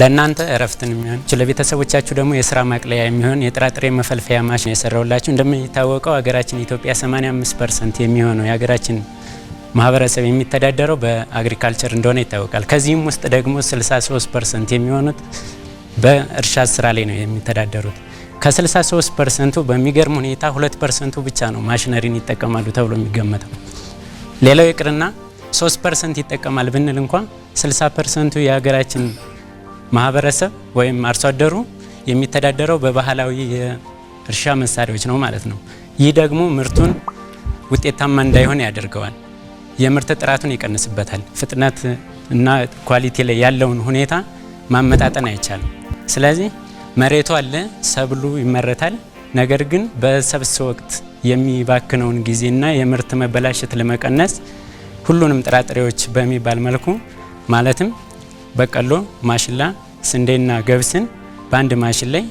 ለእናንተ እረፍትን የሚሆን ስለ ቤተሰቦቻችሁ ደግሞ የስራ ማቅለያ የሚሆን የጥራጥሬ መፈልፈያ ማሽን የሰራውላችሁ። እንደሚታወቀው ሀገራችን ኢትዮጵያ 85 ፐርሰንት የሚሆነው የሀገራችን ማህበረሰብ የሚተዳደረው በአግሪካልቸር እንደሆነ ይታወቃል። ከዚህም ውስጥ ደግሞ 63 ፐርሰንት የሚሆኑት በእርሻ ስራ ላይ ነው የሚተዳደሩት። ከ63 ፐርሰንቱ በሚገርም ሁኔታ ሁለት ፐርሰንቱ ብቻ ነው ማሽነሪን ይጠቀማሉ ተብሎ የሚገመተው። ሌላው ይቅርና 3 ፐርሰንት ይጠቀማል ብንል እንኳን 60 ፐርሰንቱ የሀገራችን ማህበረሰብ ወይም አርሶ አደሩ የሚተዳደረው በባህላዊ የእርሻ መሳሪያዎች ነው ማለት ነው። ይህ ደግሞ ምርቱን ውጤታማ እንዳይሆን ያደርገዋል። የምርት ጥራቱን ይቀንስበታል። ፍጥነት እና ኳሊቲ ላይ ያለውን ሁኔታ ማመጣጠን አይቻልም። ስለዚህ መሬቱ አለ፣ ሰብሉ ይመረታል። ነገር ግን በሰብስ ወቅት የሚባክነውን ጊዜና የምርት መበላሸት ለመቀነስ ሁሉንም ጥራጥሬዎች በሚባል መልኩ ማለትም በቀሎ፣ ማሽላ፣ ስንዴና ገብስን በአንድ ማሽን ላይ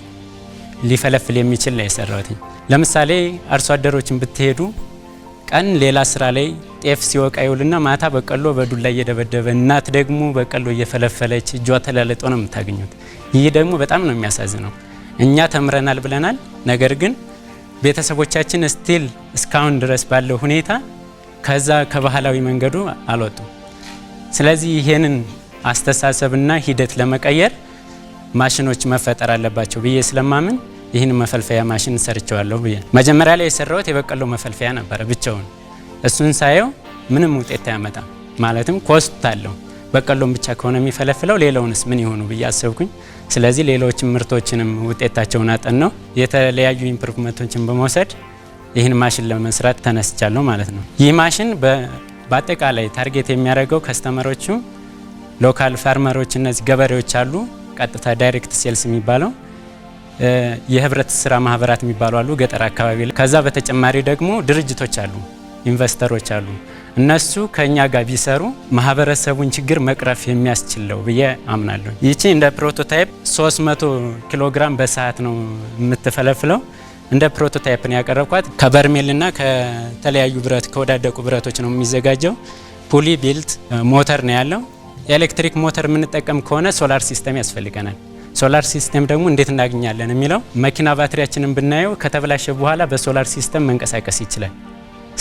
ሊፈለፍል የሚችል ላይ የሰራሁት። ለምሳሌ አርሶ አደሮችን ብትሄዱ ቀን ሌላ ስራ ላይ ጤፍ ሲወቃ ይውልና ማታ በቀሎ በዱላ እየደበደበ እናት ደግሞ በቀሎ እየፈለፈለች እጇ ተላለጦ ነው የምታገኙት። ይህ ደግሞ በጣም ነው የሚያሳዝነው። እኛ ተምረናል ብለናል። ነገር ግን ቤተሰቦቻችን ስቲል እስካሁን ድረስ ባለው ሁኔታ ከዛ ከባህላዊ መንገዱ አልወጡም። ስለዚህ ይሄንን አስተሳሰብና ሂደት ለመቀየር ማሽኖች መፈጠር አለባቸው ብዬ ስለማምን ይህን መፈልፈያ ማሽን ሰርቸዋለሁ ብዬ መጀመሪያ ላይ የሰራሁት የበቀሎ መፈልፈያ ነበረ ብቻውን። እሱን ሳየው ምንም ውጤት አያመጣም፣ ማለትም ኮስት አለው። በቀሎን ብቻ ከሆነ የሚፈለፍለው ሌላውንስ ምን ይሆኑ ብዬ አሰብኩኝ። ስለዚህ ሌሎችን ምርቶችንም ውጤታቸውን አጠን ነው የተለያዩ ኢምፕሩቭመንቶችን በመውሰድ ይህን ማሽን ለመስራት ተነስቻለሁ ማለት ነው። ይህ ማሽን በአጠቃላይ ታርጌት የሚያደርገው ከስተመሮቹ ሎካል ፋርመሮች እነዚህ ገበሬዎች አሉ። ቀጥታ ዳይሬክት ሴልስ የሚባለው የህብረት ስራ ማህበራት የሚባሉ አሉ ገጠር አካባቢ ከዛ በተጨማሪ ደግሞ ድርጅቶች አሉ፣ ኢንቨስተሮች አሉ። እነሱ ከእኛ ጋር ቢሰሩ ማህበረሰቡን ችግር መቅረፍ የሚያስችለው ብዬ አምናለሁ። ይቺ እንደ ፕሮቶታይፕ 300 ኪሎ ግራም በሰዓት ነው የምትፈለፍለው። እንደ ፕሮቶታይፕ ነው ያቀረብኳት። ከበርሜልና ከተለያዩ ብረት ከወዳደቁ ብረቶች ነው የሚዘጋጀው። ፑሊ ቢልት ሞተር ነው ያለው። የኤሌክትሪክ ሞተር የምንጠቀም ከሆነ ሶላር ሲስተም ያስፈልገናል። ሶላር ሲስተም ደግሞ እንዴት እናገኛለን የሚለው መኪና ባትሪያችንን ብናየው ከተበላሸ በኋላ በሶላር ሲስተም መንቀሳቀስ ይችላል።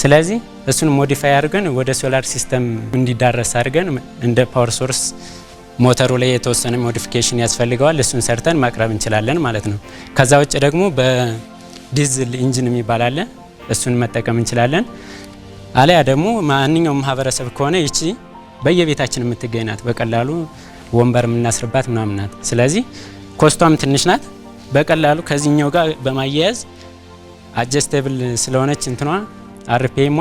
ስለዚህ እሱን ሞዲፋይ አድርገን ወደ ሶላር ሲስተም እንዲዳረስ አድርገን እንደ ፓወር ሶርስ ሞተሩ ላይ የተወሰነ ሞዲፊኬሽን ያስፈልገዋል። እሱን ሰርተን ማቅረብ እንችላለን ማለት ነው። ከዛ ውጭ ደግሞ በዲዝል ኢንጂን የሚባል አለ። እሱን መጠቀም እንችላለን። አለያ ደግሞ ማንኛውም ማህበረሰብ ከሆነ ይቺ በየቤታችን የምትገኝ ናት። በቀላሉ ወንበር የምናስርባት ምናምን ናት። ስለዚህ ኮስቷም ትንሽ ናት። በቀላሉ ከዚህኛው ጋር በማያያዝ አጀስቴብል ስለሆነች እንትኗ አርፔሟ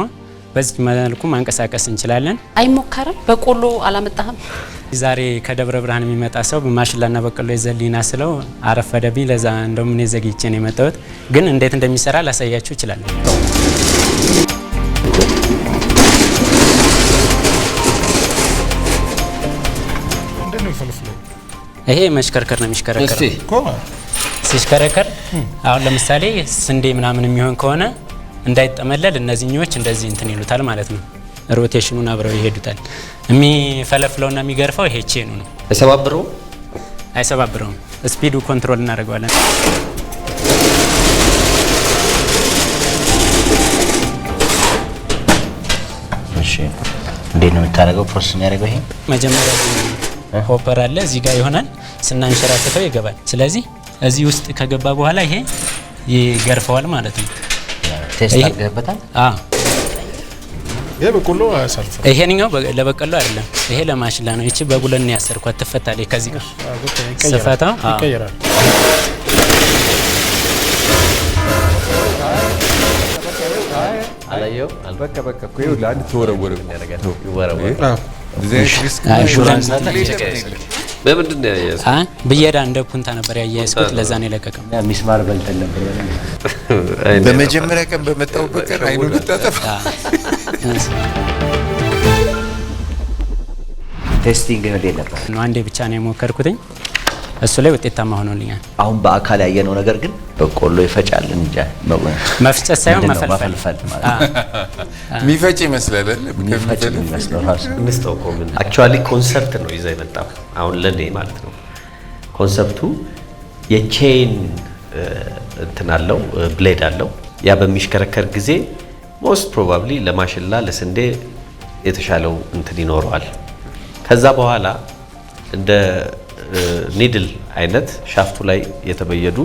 በዚህ መልኩ ማንቀሳቀስ እንችላለን። አይሞከርም። በቆሎ አላመጣህም? ዛሬ ከደብረ ብርሃን የሚመጣ ሰው በማሽላና በቆሎ የዘሊና ስለው አረፈደብኝ። ለዛ እንደምን ዘግይቼ ነው የመጣሁት፣ ግን እንዴት እንደሚሰራ ላሳያችሁ እችላለሁ። ይሄ መሽከርከር ነው የሚሽከረከረው። ሲሽከረከር አሁን ለምሳሌ ስንዴ ምናምን የሚሆን ከሆነ እንዳይጠመለል እነዚህኞች እንደዚህ እንትን ይሉታል ማለት ነው። ሮቴሽኑን አብረው ይሄዱታል። የሚፈለፍለውና የሚገርፈው ይሄ ቼኑ ነው። አይሰባብረው አይሰባብረውም። ስፒዱ ኮንትሮል እናደርገዋለን። እንዴት ነው የምታደርገው? ፕሮሰስ የሚያደርገው ይሄ መጀመሪያ ሆፐር አለ እዚህ ጋር ይሆናል። ስናንሸራትተው ይገባል። ስለዚህ እዚህ ውስጥ ከገባ በኋላ ይሄ ይገርፈዋል ማለት ነው። ይሄኛው ለበቀሎ አይደለም፣ ይሄ ለማሽላ ነው። ይቺ በቡለን ያሰርኳት ትፈታለች። ከዚህ ጋር ስፈታ ይቀየራል በምንድን ነው ብየዳ እንደ ፑንታ ነበር ያያዝኩት። ለዛ ነው የለቀቀው። ሚስማር በልተን ነበር። በመጀመሪያ ቀን በመጣሁበት ቀን አይኑ ልታጠፋ ቴስቲንግ ነው። አንዴ ብቻ ነው የሞከርኩትኝ እሱ ላይ ውጤታማ ሆኖልኛል። አሁን በአካል ያየነው ነገር ግን በቆሎ ይፈጫል እንጂ መፍጨት ሳይሆን መፈልፈል የሚፈጭ ይመስላል። አክቹዋሊ ኮንሰፕት ነው ይዘ የመጣው አሁን ለኔ ማለት ነው። ኮንሰፕቱ የቼን እንትን አለው ብሌድ አለው። ያ በሚሽከረከር ጊዜ ሞስት ፕሮባብሊ ለማሽላ ለስንዴ የተሻለው እንትን ይኖረዋል። ከዛ በኋላ እንደ ኒድል አይነት ሻፍቱ ላይ የተበየዱ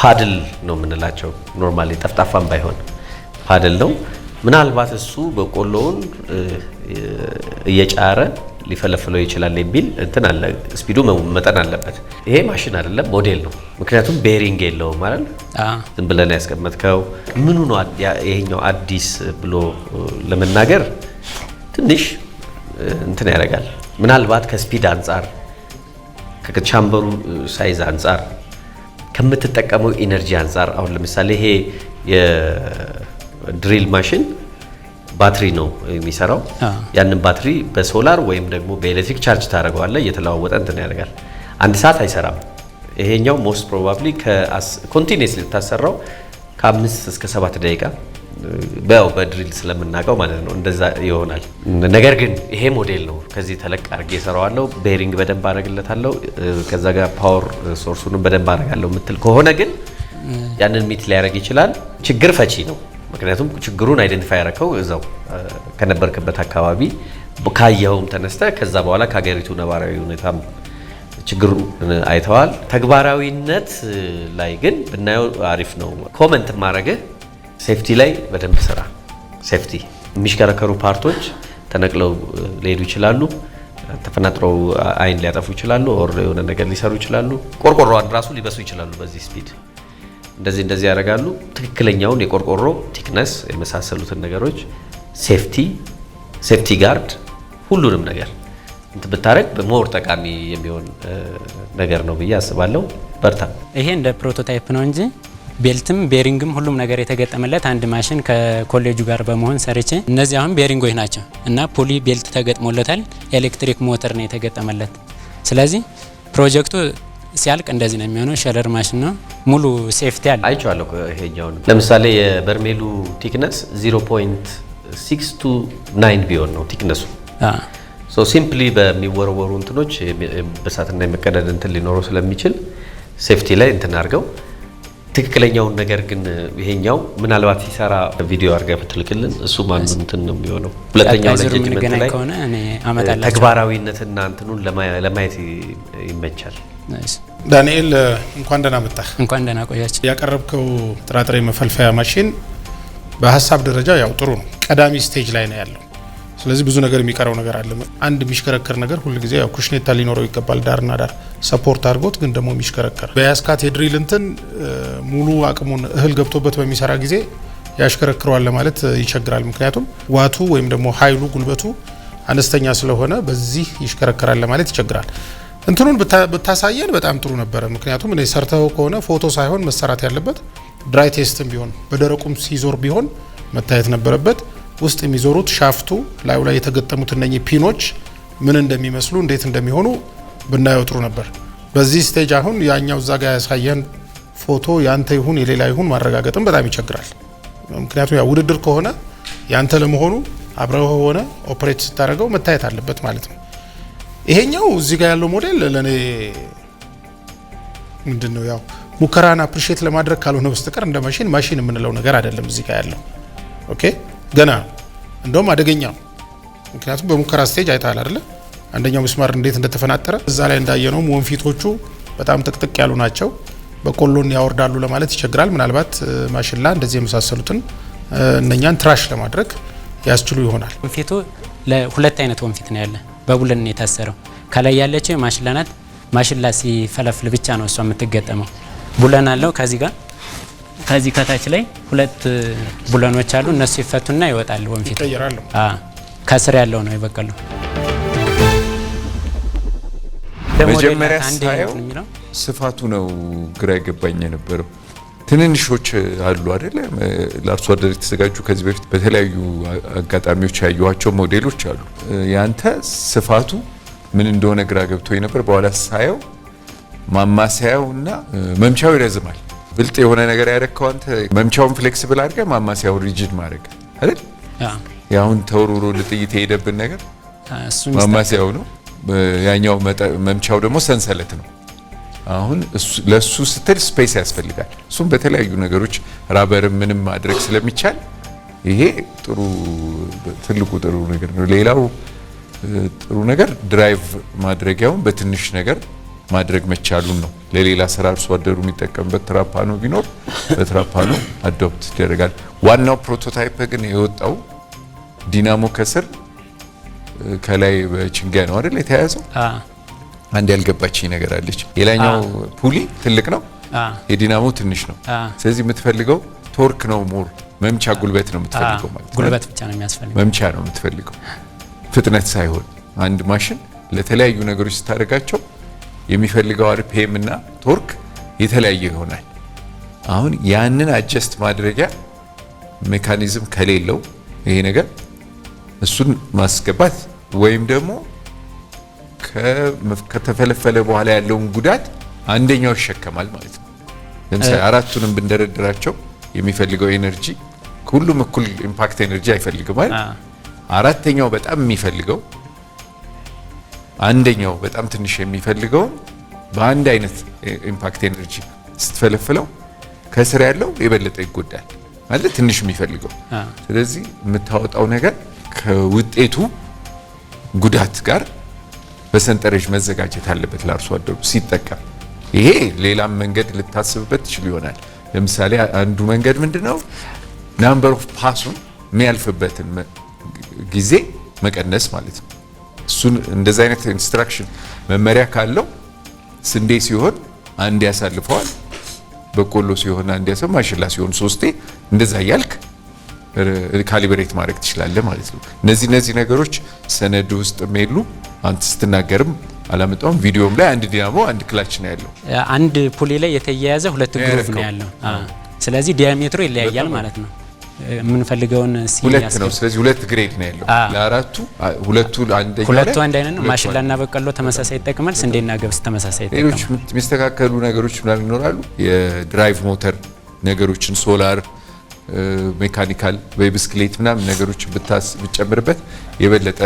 ፓድል ነው የምንላቸው። ኖርማሊ ጠፍጣፋም ባይሆን ፓድል ነው። ምናልባት እሱ በቆሎውን እየጫረ ሊፈለፍለው ይችላል የሚል እንትን አለ። ስፒዱ መጠን አለበት። ይሄ ማሽን አይደለም ሞዴል ነው። ምክንያቱም ቤሪንግ የለውም አይደል? ዝም ብለን ያስቀመጥከው ምኑ ነው ይሄኛው አዲስ ብሎ ለመናገር ትንሽ እንትን ያደርጋል። ምናልባት ከስፒድ አንጻር ከቻምበሩ ሳይዝ አንጻር ከምትጠቀመው ኢነርጂ አንጻር አሁን ለምሳሌ ይሄ የድሪል ማሽን ባትሪ ነው የሚሰራው። ያንን ባትሪ በሶላር ወይም ደግሞ በኤሌክትሪክ ቻርጅ ታደርገዋለ እየተለዋወጠ እንትን ያደርጋል። አንድ ሰዓት አይሰራም። ይሄኛው ሞስት ፕሮባብሊ ኮንቲኒስ ልታሰራው ከአምስት እስከ ሰባት ደቂቃ በው በድሪል ስለምናውቀው ማለት ነው እንደዛ ይሆናል። ነገር ግን ይሄ ሞዴል ነው። ከዚህ ተለቅ አድርጌ እሰራዋለሁ፣ ቤሪንግ በደንብ አደርግለታለሁ፣ ከዛ ጋር ፓወር ሶርሱንም በደንብ አደርጋለሁ የምትል ከሆነ ግን ያንን ሚት ሊያደርግ ይችላል። ችግር ፈቺ ነው። ምክንያቱም ችግሩን አይደንቲፋይ ያረከው እዛው ከነበርክበት አካባቢ ካየኸውም ተነስተ ከዛ በኋላ ከሀገሪቱ ነባራዊ ሁኔታም ችግሩ አይተዋል። ተግባራዊነት ላይ ግን ብናየው አሪፍ ነው። ኮመንት ማድረግህ ሴፍቲ ላይ በደንብ ስራ። ሴፍቲ የሚሽከረከሩ ፓርቶች ተነቅለው ሊሄዱ ይችላሉ። ተፈናጥረው አይን ሊያጠፉ ይችላሉ። ኦር የሆነ ነገር ሊሰሩ ይችላሉ። ቆርቆሮዋን ራሱ ሊበሱ ይችላሉ። በዚህ ስፒድ እንደዚህ እንደዚህ ያደርጋሉ። ትክክለኛውን የቆርቆሮ ቲክነስ የመሳሰሉትን ነገሮች ሴፍቲ ሴፍቲ ጋርድ ሁሉንም ነገር እንትን ብታደረግ በሞር ጠቃሚ የሚሆን ነገር ነው ብዬ አስባለሁ። በርታ። ይሄ እንደ ፕሮቶታይፕ ነው እንጂ ቤልትም ቤሪንግም ሁሉም ነገር የተገጠመለት አንድ ማሽን ከኮሌጁ ጋር በመሆን ሰርቼ እነዚህ አሁን ቤሪንጎች ናቸው እና ፑሊ ቤልት ተገጥሞለታል። ኤሌክትሪክ ሞተር ነው የተገጠመለት። ስለዚህ ፕሮጀክቱ ሲያልቅ እንደዚህ ነው የሚሆነው። ሸለር ማሽን ነው ሙሉ ሴፍቲ አለ። አይቼዋለሁ ሄጃውን ለምሳሌ የበርሜሉ ቲክነስ 0.629 ቢሆን ነው ቲክነሱ ሲምፕሊ በሚወረወሩ እንትኖች በሳትና የመቀደድ እንትን ሊኖረው ስለሚችል ሴፍቲ ላይ እንትን አድርገው ትክክለኛውን ነገር ግን ይሄኛው ምናልባት ሲሰራ ቪዲዮ አድርጋ ብትልክልን እሱ ማንምትን ነው የሚሆነው። ሁለተኛው ተግባራዊነትና እንትኑን ለማየት ይመቻል። ዳንኤል እንኳን ደህና መጣህ። እንኳን ደህና ቆያችሁ። ያቀረብከው ጥራጥሬ መፈልፈያ ማሽን በሀሳብ ደረጃ ያው ጥሩ ነው፣ ቀዳሚ ስቴጅ ላይ ነው ያለው ስለዚህ ብዙ ነገር የሚቀረው ነገር አለ። አንድ የሚሽከረከር ነገር ሁሉ ያው ኩሽኔታ ሊኖረው ይገባል። ዳርና ዳር ሰፖርት አድርጎት ግን ደግሞ የሚሽከረከር በያስካት የድሪል እንትን ሙሉ አቅሙን እህል ገብቶበት በሚሰራ ጊዜ ያሽከረክረዋል ለማለት ይቸግራል። ምክንያቱም ዋቱ ወይም ደግሞ ኃይሉ ጉልበቱ አነስተኛ ስለሆነ በዚህ ይሽከረከራል ለማለት ይቸግራል። እንትኑን ብታሳየን በጣም ጥሩ ነበረ። ምክንያቱም እኔ ሰርተው ከሆነ ፎቶ ሳይሆን መሰራት ያለበት ድራይ ቴስትም ቢሆን በደረቁም ሲዞር ቢሆን መታየት ነበረበት። ውስጥ የሚዞሩት ሻፍቱ ላዩ ላይ የተገጠሙት እነኚህ ፒኖች ምን እንደሚመስሉ እንዴት እንደሚሆኑ ብናየው ጥሩ ነበር። በዚህ ስቴጅ አሁን ያኛው እዛ ጋር ያሳየን ፎቶ ያንተ ይሁን የሌላ ይሁን ማረጋገጥም በጣም ይቸግራል። ምክንያቱም ያ ውድድር ከሆነ ያንተ ለመሆኑ አብረው ሆነ ኦፕሬት ስታደርገው መታየት አለበት ማለት ነው። ይሄኛው እዚህ ጋር ያለው ሞዴል ለእኔ ምንድን ነው ያው ሙከራን አፕሪሼት ለማድረግ ካልሆነ በስተቀር እንደ ማሽን ማሽን የምንለው ነገር አይደለም እዚህ ጋር ያለው ኦኬ ገና እንደውም አደገኛ ምክንያቱም በሙከራ ስቴጅ አይተሃል አይደለ? አንደኛው ምስማር እንዴት እንደተፈናጠረ እዛ ላይ እንዳየነውም ወንፊቶቹ በጣም ጥቅጥቅ ያሉ ናቸው። በቆሎን ያወርዳሉ ለማለት ይቸግራል። ምናልባት ማሽላ እንደዚህ የመሳሰሉትን እነኛን ትራሽ ለማድረግ ያስችሉ ይሆናል። ወንፊቱ ለሁለት አይነት ወንፊት ነው ያለ። በቡለን የታሰረው ከላይ ያለችው ማሽላ ናት። ማሽላ ሲፈለፍል ብቻ ነው እሷ የምትገጠመው። ቡለን አለው ከዚህ ጋር ከዚህ ከታች ላይ ሁለት ቡለኖች አሉ። እነሱ ይፈቱና ይወጣሉ። ወንፊት ከስር ያለው ነው የበቀለው። መጀመሪያ ሳየው ስፋቱ ነው ግራ የገባኝ የነበረው። ትንንሾች አሉ አይደለ? ለአርሶ አደር የተዘጋጁ ከዚህ በፊት በተለያዩ አጋጣሚዎች ያየኋቸው ሞዴሎች አሉ። ያንተ ስፋቱ ምን እንደሆነ ግራ ገብቶ ነበር። በኋላ ሳየው ማማሰያው እና መምቻው ይረዝማል። ብልጥ የሆነ ነገር ያደረግከው አንተ መምቻውን ፍሌክስብል አድርገ ማማሲያው ሪጅድ ማድረግ አይደል? የአሁን ተወርውሮ ልጥይት የሄደብን ነገር ማማሲያው ነው። ያኛው መምቻው ደግሞ ሰንሰለት ነው። አሁን ለእሱ ስትል ስፔስ ያስፈልጋል። እሱም በተለያዩ ነገሮች ራበር ምንም ማድረግ ስለሚቻል ይሄ ጥሩ ትልቁ ጥሩ ነገር ነው። ሌላው ጥሩ ነገር ድራይቭ ማድረጊያውን በትንሽ ነገር ማድረግ መቻሉን ነው። ለሌላ ስራ አርሶ አደሩ የሚጠቀምበት ትራፓኖ ቢኖር በትራፓኖ አዶፕት ይደረጋል። ዋናው ፕሮቶታይፕ ግን የወጣው ዲናሞ ከስር ከላይ በችንጋይ ነው አይደል የተያያዘው። አንድ ያልገባችኝ ነገር አለች። የላኛው ፑሊ ትልቅ ነው፣ የዲናሞ ትንሽ ነው። ስለዚህ የምትፈልገው ቶርክ ነው፣ ሞር መምቻ ጉልበት ነው የምትፈልገው ማለት ነው። ጉልበት ብቻ ነው የሚያስፈልገው፣ መምቻ ነው የምትፈልገው ፍጥነት ሳይሆን። አንድ ማሽን ለተለያዩ ነገሮች ስታደርጋቸው የሚፈልገው አርፒኤም እና ቶርክ የተለያየ ይሆናል። አሁን ያንን አጀስት ማድረጊያ ሜካኒዝም ከሌለው ይሄ ነገር እሱን ማስገባት ወይም ደግሞ ከተፈለፈለ በኋላ ያለውን ጉዳት አንደኛው ይሸከማል ማለት ነው። ለምሳሌ አራቱንም ብንደረድራቸው የሚፈልገው ኤነርጂ ሁሉም እኩል ኢምፓክት ኤነርጂ አይፈልግም አይደል? አራተኛው በጣም የሚፈልገው አንደኛው በጣም ትንሽ የሚፈልገውን በአንድ አይነት ኢምፓክት ኤነርጂ ስትፈለፍለው ከስር ያለው የበለጠ ይጎዳል ማለት ትንሽ የሚፈልገው። ስለዚህ የምታወጣው ነገር ከውጤቱ ጉዳት ጋር በሰንጠረዥ መዘጋጀት አለበት ለአርሶ አደሩ ሲጠቀም። ይሄ ሌላም መንገድ ልታስብበት ትችል ይሆናል። ለምሳሌ አንዱ መንገድ ምንድን ነው? ናምበር ኦፍ ፓሱን የሚያልፍበትን ጊዜ መቀነስ ማለት ነው። እሱን እንደዚህ አይነት ኢንስትራክሽን መመሪያ ካለው ስንዴ ሲሆን አንድ ያሳልፈዋል፣ በቆሎ ሲሆን አንድ ያሰብ፣ ማሽላ ሲሆን ሶስቴ፣ እንደዛ እያልክ ካሊብሬት ማድረግ ትችላለህ ማለት ነው። እነዚህ እነዚህ ነገሮች ሰነድ ውስጥ የሉ። አንተ ስትናገርም አላመጣውም። ቪዲዮም ላይ አንድ ዲናሞ አንድ ክላች ነው ያለው። አንድ ፑሊ ላይ የተያያዘ ሁለት ግሩፕ ነው ያለው። ስለዚህ ዲያሜትሮ ይለያያል ማለት ነው። የምንፈልገውን ሁለት ነው። ስለዚህ ሁለት ግሬድ ነው ያለው ለአራቱ። ሁለቱ አንደኛ ሁለቱ አንድ አይነት ነው። ማሽላና በቀሎ ተመሳሳይ ይጠቅማል። ስንዴና ገብስ ተመሳሳይ ይጠቅማል። ሌሎች የሚስተካከሉ ነገሮች ምናምን ይኖራሉ። የድራይቭ ሞተር ነገሮችን ሶላር ሜካኒካል ወይ ብስክሌት ምናምን ነገሮች ብታስ ብጨምርበት የበለጠ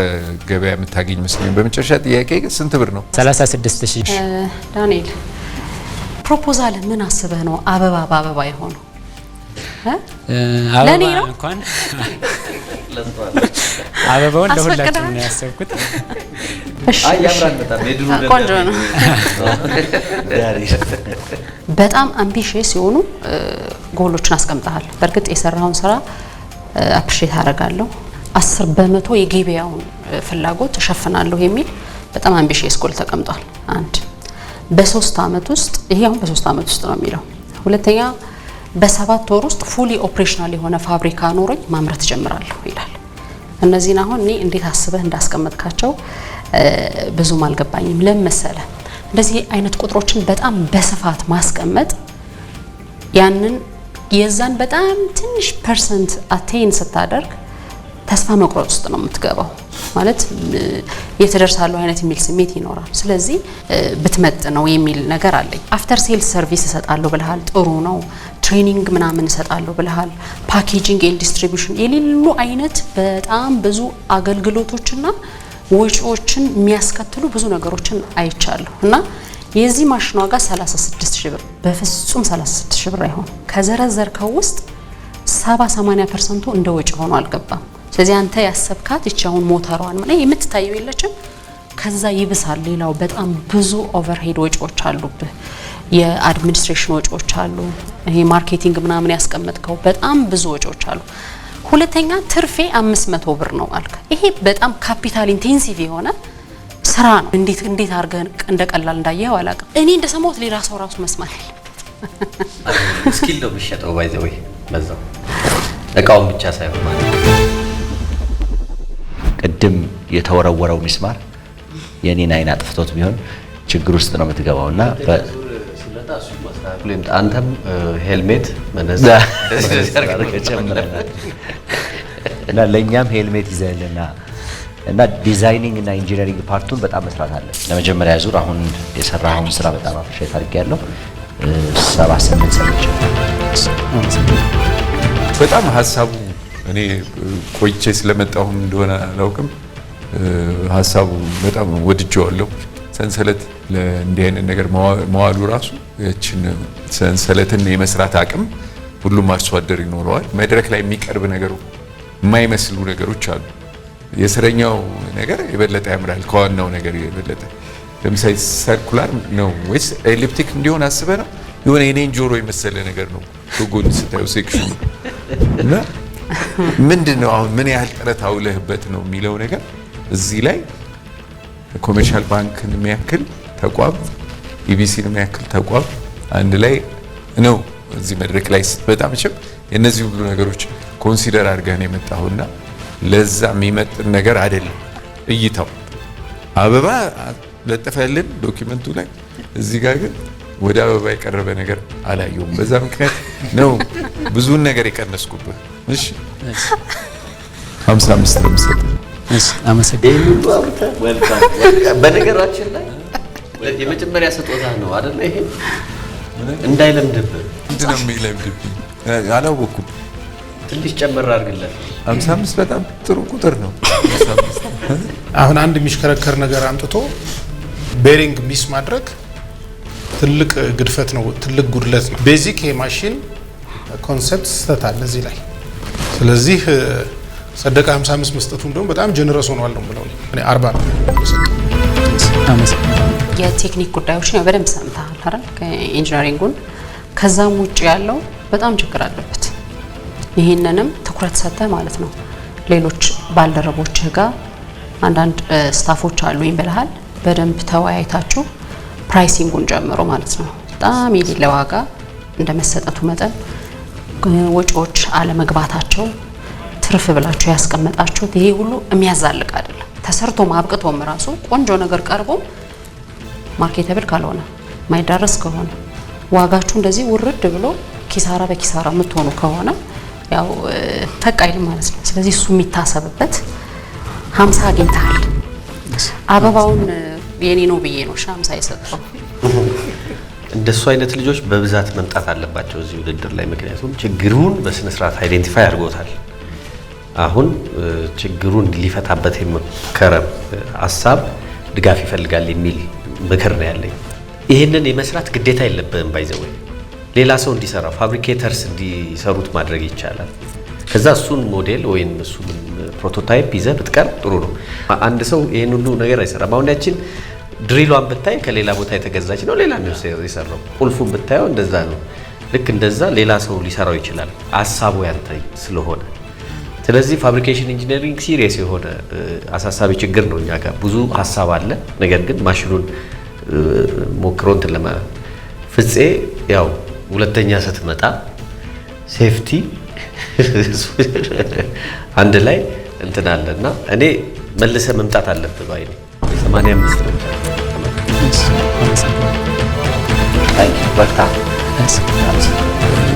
ገበያ የምታገኝ መስሎኝ። በመጨረሻ ጥያቄ ስንት ብር ነው? 36 ሺህ ዳንኤል፣ ፕሮፖዛል ምን አስበህ ነው አበባ በአበባ የሆነው? ለእኔ ነው እንኳን አበባውን ለሁላችን ነው ያሰብኩት። ቆንጆ ነው። በጣም አምቢሽስ የሆኑ ጎሎችን አስቀምጠሃል። በእርግጥ የሰራውን ስራ አፕሪሼት አደርጋለሁ። አስር በመቶ የገበያውን ፍላጎት እሸፍናለሁ የሚል በጣም አምቢሽስ ጎል ተቀምጧል። አንድ በሶስት አመት ውስጥ ይሄ አሁን በሶስት አመት ውስጥ ነው የሚለው ሁለተኛ በሰባት ወር ውስጥ ፉሊ ኦፕሬሽናል የሆነ ፋብሪካ ኖሮኝ ማምረት ጀምራለሁ ይላል። እነዚህን አሁን እኔ እንዴት አስበህ እንዳስቀመጥካቸው ብዙም አልገባኝም። ለምን መሰለ እንደዚህ አይነት ቁጥሮችን በጣም በስፋት ማስቀመጥ ያንን የዛን በጣም ትንሽ ፐርሰንት አቴን ስታደርግ ተስፋ መቁረጥ ውስጥ ነው የምትገባው። ማለት የተደርሳለሁ አይነት የሚል ስሜት ይኖራል። ስለዚህ ብትመጥ ነው የሚል ነገር አለኝ። አፍተር ሴልስ ሰርቪስ እሰጣለሁ ብልሃል፣ ጥሩ ነው። ትሬኒንግ ምናምን እሰጣለሁ ብልሃል፣ ፓኬጂንግ ኤል ዲስትሪቢሽን የሌሉ አይነት በጣም ብዙ አገልግሎቶችና ወጪዎችን የሚያስከትሉ ብዙ ነገሮችን አይቻለሁ እና የዚህ ማሽን ዋጋ 36 ሺህ ብር በፍጹም 36 ሺህ ብር አይሆን። ከዘረዘርከው ውስጥ 70 80 ፐርሰንቱ እንደ ወጪ ሆኖ አልገባም። ስለዚህ አንተ ያሰብካት ይቺ አሁን ሞተሯን ምን የምትታየው የለችም። ከዛ ይብሳል። ሌላው በጣም ብዙ ኦቨርሄድ ወጪዎች አሉብህ። የአድሚኒስትሬሽን ወጪዎች አሉ። ይሄ ማርኬቲንግ ምናምን ያስቀመጥከው በጣም ብዙ ወጪዎች አሉ። ሁለተኛ ትርፌ 500 ብር ነው አልክ። ይሄ በጣም ካፒታል ኢንቴንሲቭ የሆነ ስራ ነው። እንዴት እንዴት አድርገህ እንደቀላል ቀላል እንዳየኸው አላውቅም። እኔ እንደ ሌላ ሰው ራሱ መስማት ስኪል ነው የሚሸጠው ባይዘ ወይ በዛው እቃውን ብቻ ሳይሆን ማለት ነው ቅድም የተወረወረው ሚስማር የኔን አይን አጥፍቶት ቢሆን ችግር ውስጥ ነው የምትገባው። እና አንተም ሄልሜት እና ለእኛም ሄልሜት ይዘህልና እና ዲዛይኒንግ እና ኢንጂነሪንግ ፓርቱን በጣም መስራት አለ። ለመጀመሪያ ዙር አሁን የሰራውን ስራ በጣም አፍሻ ታሪክ ያለው ሰባ ስምንት ሰምቻ በጣም ሀሳቡ እኔ ቆይቼ ስለመጣሁም እንደሆነ አላውቅም፣ ሀሳቡ በጣም ወድጀዋለሁ። ሰንሰለት ለእንዲህ አይነት ነገር መዋሉ ራሱ ያችን ሰንሰለትን የመስራት አቅም ሁሉም አርሶ አደር ይኖረዋል። መድረክ ላይ የሚቀርብ ነገሩ የማይመስሉ ነገሮች አሉ። የስረኛው ነገር የበለጠ ያምራል ከዋናው ነገር የበለጠ ለምሳሌ ሰርኩላር ነው ወይስ ኤሊፕቲክ እንዲሆን አስበ ነው? የሆነ የኔን ጆሮ የመሰለ ነገር ነው። ጎን ስታዩ ሴክሽኑ እና ምንድን ነው አሁን ምን ያህል ጥረት አውለህበት ነው የሚለው ነገር እዚህ ላይ ኮሜርሻል ባንክን የሚያክል ተቋም ኢቢሲን የሚያክል ተቋም አንድ ላይ ነው እዚህ መድረክ ላይ ስትመጣ መቼም የእነዚህ ሁሉ ነገሮች ኮንሲደር አድርገህ ነው የመጣሁና ለዛ የሚመጥን ነገር አይደለም እይታው አበባ ለጠፈልን ዶኪመንቱ ላይ እዚህ ጋር ግን ወደ አበባ የቀረበ ነገር አላየሁም። በዛ ምክንያት ነው ብዙውን ነገር የቀነስኩብህ። እሺ 55 ለምሰጥ በነገራችን ላይ የመጀመሪያ ስጦታ ነው አይደለ? ይሄ እንዳይለምድብህ ምንድን ነው የሚለምድብህ? አላወኩም። ትንሽ ጨመር አድርግለት። 55 በጣም ጥሩ ቁጥር ነው። አሁን አንድ የሚሽከረከር ነገር አምጥቶ ቤሪንግ ሚስ ማድረግ ትልቅ ግድፈት ነው፣ ትልቅ ጉድለት ነው። ቤዚክ የማሽን ኮንሰፕት ስህተት አለ እዚህ ላይ። ስለዚህ ጸደቀ 55 መስጠቱ እንደውም በጣም ጀነረስ ሆኗል ነው ብለው እኔ 40 የቴክኒክ ጉዳዮች ነው በደንብ ሰምተሃል አይደል? ከኢንጂነሪንጉን ከዛም ውጭ ያለው በጣም ችግር አለበት። ይህንንም ትኩረት ሰጥተህ ማለት ነው ሌሎች ባልደረቦችህ ጋር አንዳንድ ስታፎች አሉ ይበልሃል። በደንብ ተወያይታችሁ ፕራይሲንጉን ጨምሮ ማለት ነው። በጣም የሌለ ዋጋ እንደ መሰጠቱ መጠን ወጪዎች አለመግባታቸው ትርፍ ብላችሁ ያስቀመጣችሁት ይሄ ሁሉ የሚያዛልቅ አይደለም። ተሰርቶ ማብቅቶም ራሱ ቆንጆ ነገር ቀርቦ ማርኬተብል ካልሆነ ማይዳረስ ከሆነ ዋጋችሁ እንደዚህ ውርድ ብሎ ኪሳራ በኪሳራ የምትሆኑ ከሆነ ያው ፈቃይል ማለት ነው። ስለዚህ እሱ የሚታሰብበት ሀምሳ አግኝተሃል አበባውን የኔ ነው ብዬ ነው ሻምሳ የሰጠው። እንደሱ አይነት ልጆች በብዛት መምጣት አለባቸው እዚህ ውድድር ላይ ምክንያቱም ችግሩን በስነ ስርዓት አይዴንቲፋይ አድርጎታል። አሁን ችግሩን ሊፈታበት የመከረ ሀሳብ ድጋፍ ይፈልጋል የሚል ምክር ነው ያለኝ። ይህንን የመስራት ግዴታ የለብህም ባይዘወይ ሌላ ሰው እንዲሰራው ፋብሪኬተርስ እንዲሰሩት ማድረግ ይቻላል። ከዛ እሱን ሞዴል ወይም እሱን ፕሮቶታይፕ ይዘህ ብትቀር ጥሩ ነው። አንድ ሰው ይህን ሁሉ ነገር አይሰራም። አሁን ያችን ድሪሏን ብታይ ከሌላ ቦታ የተገዛች ነው፣ ሌላ ነው የሰራው። ቁልፉን ብታየው እንደዛ ነው። ልክ እንደዛ ሌላ ሰው ሊሰራው ይችላል፣ ሀሳቡ ያንተ ስለሆነ። ስለዚህ ፋብሪኬሽን ኢንጂነሪንግ ሲሪየስ የሆነ አሳሳቢ ችግር ነው። እኛ ጋር ብዙ ሀሳብ አለ፣ ነገር ግን ማሽኑን ሞክሮ እንትን ለማ ፍፄ ያው ሁለተኛ ስትመጣ ሴፍቲ አንድ ላይ እንትን አለ እና እኔ መልሰ መምጣት አለብህ ባይ ነው። ነው።